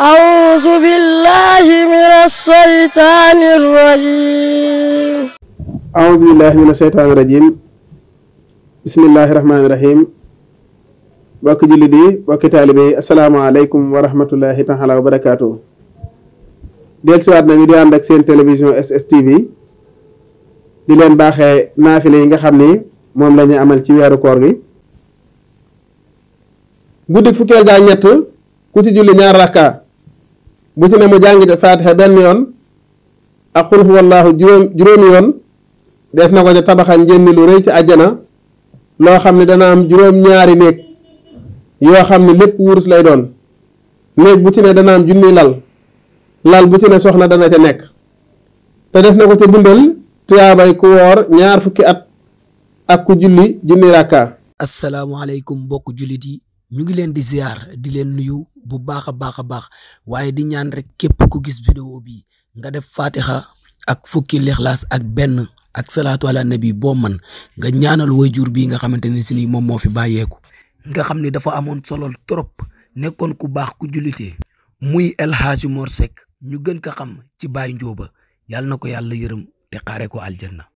A'udzu billahi minas syaitanir rajim. A'udzu billahi minas syaitanir rajim. Bismillahirrahmanirrahim. Bak julidi, bak talibi. Assalamualaikum warahmatullahi taala wabarakatuh. Del ci wat na ñu di and ak seen télévision SSTV. Di len baxé nafilé nga xamni mom lañu amal ci wéru koor gi. Guddik fukel da ñett ku ci julli ñaar rakka bu ci ne mu jàng ci faatixa benn yoon ak xul huwallaahu juróom juróomi yoon des na ko ca tabaxal njënni lu rëy ci àjjana loo xam ne dana am juróom-ñaari néeg yoo xam ne lépp wurus lay doon néeg bu ci ne dana am junni lal lal bu ci ne soxna dana ca nekk te des na ko ca bindal tuyaabay ku woor ñaar fukki at ak ku julli junni ràkkaa asalaamaaleykum mbokk jullit yi ñu ngi leen di siyaar di leen nuyu bu baax a baax a baax waaye di ñaan rek képp ku gis vidéo bi nga def fatiha ak fukki lixlaas ak benn ak salaatu ala nabi boo man nga ñaanal wayjur bii nga xamante ne si nii moom moo fi bàyyeeku nga xam ni dafa amoon solo trop nekkoon ku baax ku jullitee muy El Hadji Mor Seck ñu gën ko xam ci Baye Njóoba yàlla na ko yàlla yërëm te xaare ko aljanna